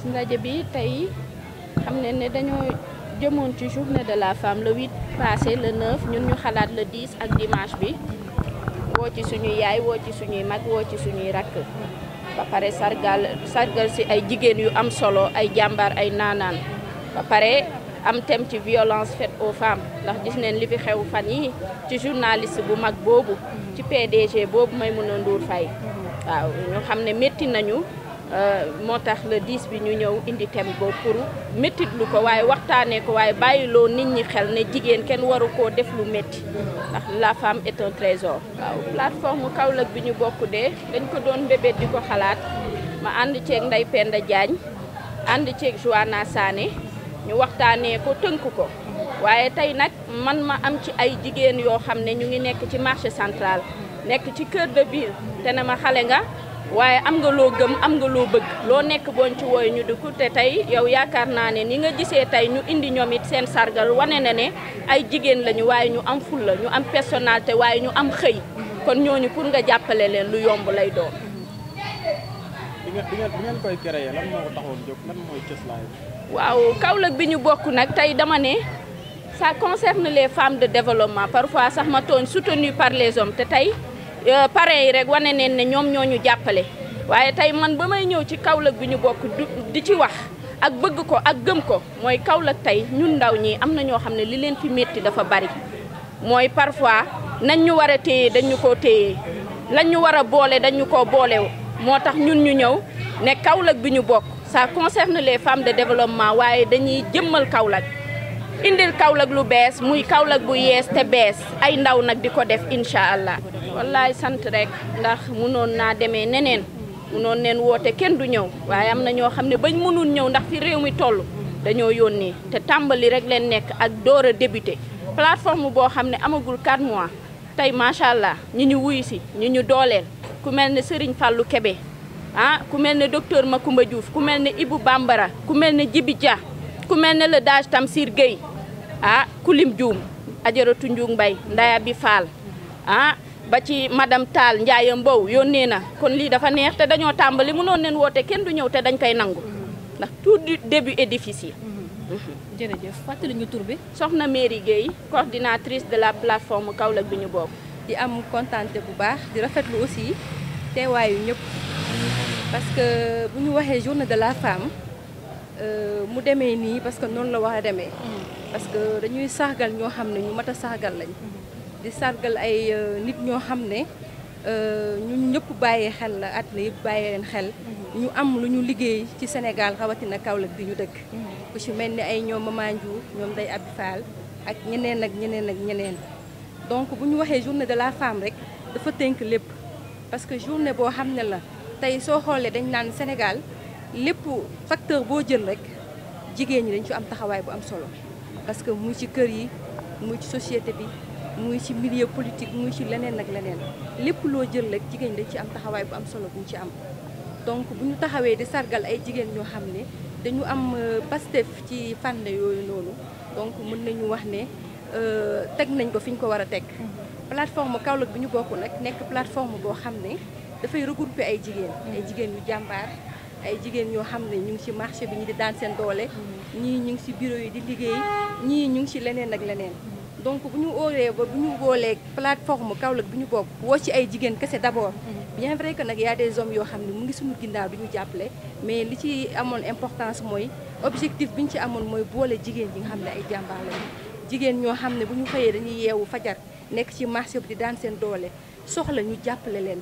ndaje bi tey xam ne ne dañoo jëmoon ci journée de la femme le 8 le 9 ñun xalaat le 10 ak dimanche bi woo ci suñuy yaay suñuy mag woo ci suñuy rakk ba pare sargal si ay jigéen yu am solo ay jàmbaar ay naanaan ba pare am thème ci violence faite ndax gis neen li fi xew fan yi ci journaliste bu mag boobu ci PDG boobu Maimouna Ndour Faye waaw ñu xam ne métti nañu Euh, moo tax la diis bi ñu ñëw indi thème boobu pour méttit ko waaye waxtaanee ko waaye bàyyiloo nit ñi xel ne jigéen kenn waru koo def lu métti ndax la femme est un trésor waaw plateforme Kaolack bi ñu bokk dee dañ ko doon mbebet di ko xalaat ma ànd ceeg Ndeye Penda Diagne ànd ceeg Joanna Sané ñu waxtaanee ko tënk ko waaye tey nag man ma am ci ay jigéen yoo xam ne ñu ngi nekk ci marché central nekk ci cœur de ville te ne ma xale nga waaye am nga loo gëm am nga loo bëgg loo nekk boñ ci wooy ñu dugg te tey yow yaakaar naa ne ni nga gisee tey ñu indi ñoom it seen sargal wane na ne ay jigéen lañu waaye ñu am ful la ñu am personnalité waaye ñu am xëy kon ñooñu pour nga jàppale leen lu yomb lay doon. bi ngeen bi ngeen koy créé lan moo ko taxoon jóg lan mooy cëslaay waaw Kaolack bi ñu bokk nag tey dama ne. ça concerne les femmes de développement parfois sax ma tooñ soutenu par les hommes te tey. Euh, parents yi rek wane neen ne ñoom ñoo ñu jàppale waaye tey man ba may ñëw ci Kaolack bi ñu bokk di ci wax ak bëgg ko ak gëm ko mooy Kaolack tey ñun ndaw ñii am na ñoo xam ne li leen fi métti dafa bari mooy parfois nañ ñu war a téye dañu ko téye lañ ñu war a boole dañu ko boolew moo tax ñun ñu ñëw ne Kaolack bi ñu bokk saa concerne les femmes de développement waaye dañuy jëmmal Kaolack indil Kaolack lu bees muy Kaolack bu yees te bees ay ndaw nag di ko def incha allah. wallaay sant rek ndax munoon naa demee neneen noon neen woote kenn du ñëw waaye am na ñoo xam ne bañ mënul ñëw ndax fi réew mi toll dañoo yónnee te tàmbali rek leen nekk ak door a débuté plateforme boo xam ne amagul 4 mois tey macha allah ñi ñu wuyu si ñi ñu dooleel ku mel ne Serigne Fallou kebe ah ku mel ne docteur Macoumba Diouf ku mel ne ibu Bambara ku mel ne Djibi Dia ku mel ne le Dage Tamsir Gueye ah kulim Dioum ajaratu tunjung bay Ndaya Bi fal ah ba ci madame tal Ndiaye Mbow yonena kon li dafa neex te tambali mu non neen wote ken du ñew te dañ kay nangu ndax tout début est difficile. Mhm. fatali ñu tourbe soxna Mary gay coordinatrice de la plateforme Kaolack bi ñu di am kontante bu baax di rafetlu aussi wayu ñep parce que buñu waxé journée de la femme euh, mu démé ni parce que non la war démé parce que dañuy sargal ñoo xam ne ñu mat a sargal lañ di sargal ay euh, nit ñoo xam ne euh, ñun ñëpp bàyyi xel la at na yëpp bàyyi leen xel ñu am lu ñu liggéey ci Sénégal rawatina Kaolack bi ñu dëkk ku ci mel ni ay ñoom Maman ñoom day Abi Fall ak ñeneen ak ñeneen ak ñeneen donc bu ñu waxee journée de la femme rek dafa tënk lépp parce que journée boo xam ne la tey soo xoolee dañ naan Sénégal lépp facteur boo jël rek jigéen ñi dañ ci am taxawaay bu am solo parce que muy ci kër yi muy ci société bi muy ci milieu politique muy ci leneen ak leneen lépp loo jël rek jigéen dañ ci am taxawaay bu am solo buñ ñu ci am donc bu ñu taxawee di sargal ay jigéen ñoo xam ne dañu am euh, pastef ci fànn yooyu noonu donc mën nañu wax ne euh, teg nañ ko fi ñu ko war a teg mhm. plateforme Kaolack bi ñu bokk nag nekk plateforme boo xam ne dafay regrouper ay jigéen mhm. ay jigéen ñu jàmbaar ay jigéen ñoo xam ne ñu ngi ci marché bi ñu di daan seen doole ñii ñu ngi ci bureau yi di liggéey ñii ñu ngi ci leneen ak leneen donc bu ñu óoree ba bu ñu boolee plateforme Kaolack bi ñu bokk woo ci ay jigéen kese d'abord bien vrai que nag yaa a des hommes yoo xam ne mu ngi suñu ginnaaw du jàppale mais li ci amoon importance mooy objectif bi ñu ci amoon mooy boole jigéen yi nga xam ne ay jàmbaar lañu jigéen ñoo xam ne bu ñu xëyee dañuy yeewu fajar nekk ci marché bi di daan seen doole soxla ñu jàppale leen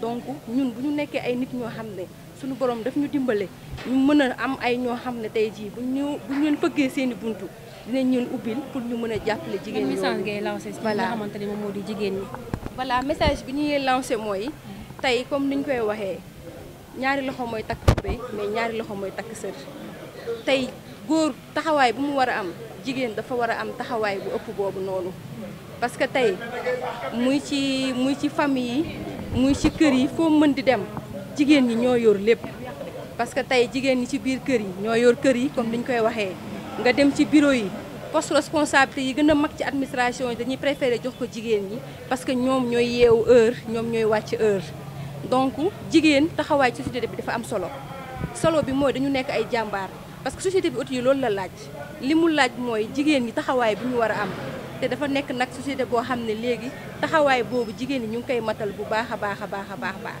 donc ñun bu nekkee ay nit ñoo xam ne suñu borom daf ñu dimbale ñu mën a am ay ñoo xam ne tey jii bu ñu bu ñu leen fëggee seen i buntu dinañ leen ubbil pour ñu mën a jàppale jigéen ñi message ngay lancé voilà xamante ne moom moo di jigéen ñi balaa message bi ñuy lancé mooy tey comme niñ koy waxee ñaari loxo mooy takk tubéy mais ñaari loxo mooy takk sër tey góor taxawaay bu mu war a am jigéen dafa war a am taxawaay bu ëpp boobu noonu parce que tey muy ci muy ci famille yi muy ci kër yi foo mën di dem jigéen ñi ñoo yor lépp parce que tey jigéen ñi ci biir kër yi ñoo yor kër yi comme ni ñu koy waxee nga dem ci bureau yi poste responsabilité yi gën a mag ci administration yi dañuy préféré jox ko jigéen ñi parce que ñoom ñooy yeewu heure ñoom ñooy wàcc heure donc jigéen taxawaay ci société bi dafa am solo solo bi mooy dañu nekk ay jàmbaar parce que société bi ut yi loolu la laaj li mu laaj mooy jigéen ñi taxawaay bi ñu war a am te dafa nekk nag société boo xam ne léegi taxawaay boobu jigéen ñi ñu ngi koy matal bu baax a baax a baax a baax baax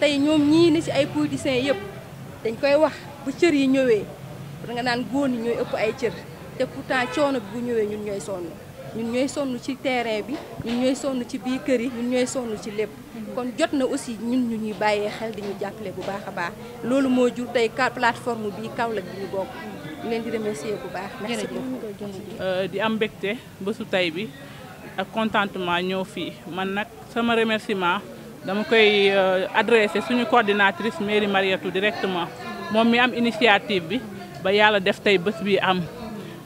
tey ñoom ñii ni ci ay politiciens yëpp dañ koy wax bu cër yi ñëwee da nga naan góor ñi ñooy ëpp ay cër te pourtant coono bi bu ñëwee ñun ñooy sonn ñun ñooy sonn ci terrain bi ñun ñooy sonn ci biir kër yi ñun ñooy sonn ci lépp. Mhm. kon jot na aussi ñun ñu ñuy bàyyee xel di ñu jàppale bu baax a baax loolu moo jur tey plateforme bii Kaolack bi ñu bokk. ñu leen di remercier bu baax. merci beaucoup euh, di am mbégte bésu tey bi ak contentement ñëw fii man nag sama remerciement. dama koy euh, adressé suñu coordinatrice mairie Mariatou directement moom mi am initiative bi ba yàlla def tey bés bi am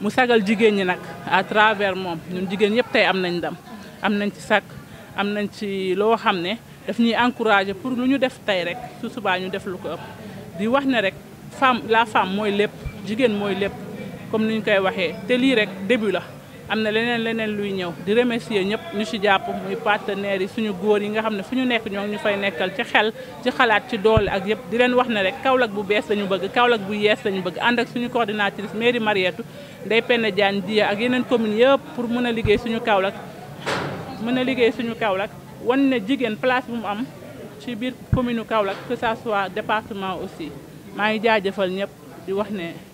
mu sagal jigéen ñi nag à travers moom ñun jigéen yëpp tey am nañ ndam am nañ ci sakk am nañ ci loo xam ne daf ñuy encouragé pour lu ñu def tey rek su ñu def lu ko am di wax ne rek femme la femme mooy lépp jigéen mooy lépp comme ni ñu koy waxee te lii rek début la am na leneen leneen luy ñëw di remercier ñëpp ñu ci jàpp muy partenaires yi suñu góor yi nga xam ne fu ñu nekk ñoom ñu fay nekkal ci xel ci xalaat ci doole ak yëpp di leen wax ne rek Kaolack bu bees lañu bëgg Kaolack bu yees lañu bëgg ànd ak suñu coordinatrice mairie Mariétou Ndeye Penda Diagne Dia ak yeneen communes yëpp pour mën a liggéey suñu Kaolack mën a liggéey suñu Kaolack wan ne jigéen place bu mu am ci biir commune Kaolack que ça soit département aussi maa ngi jaajëfal ñëpp di wax ne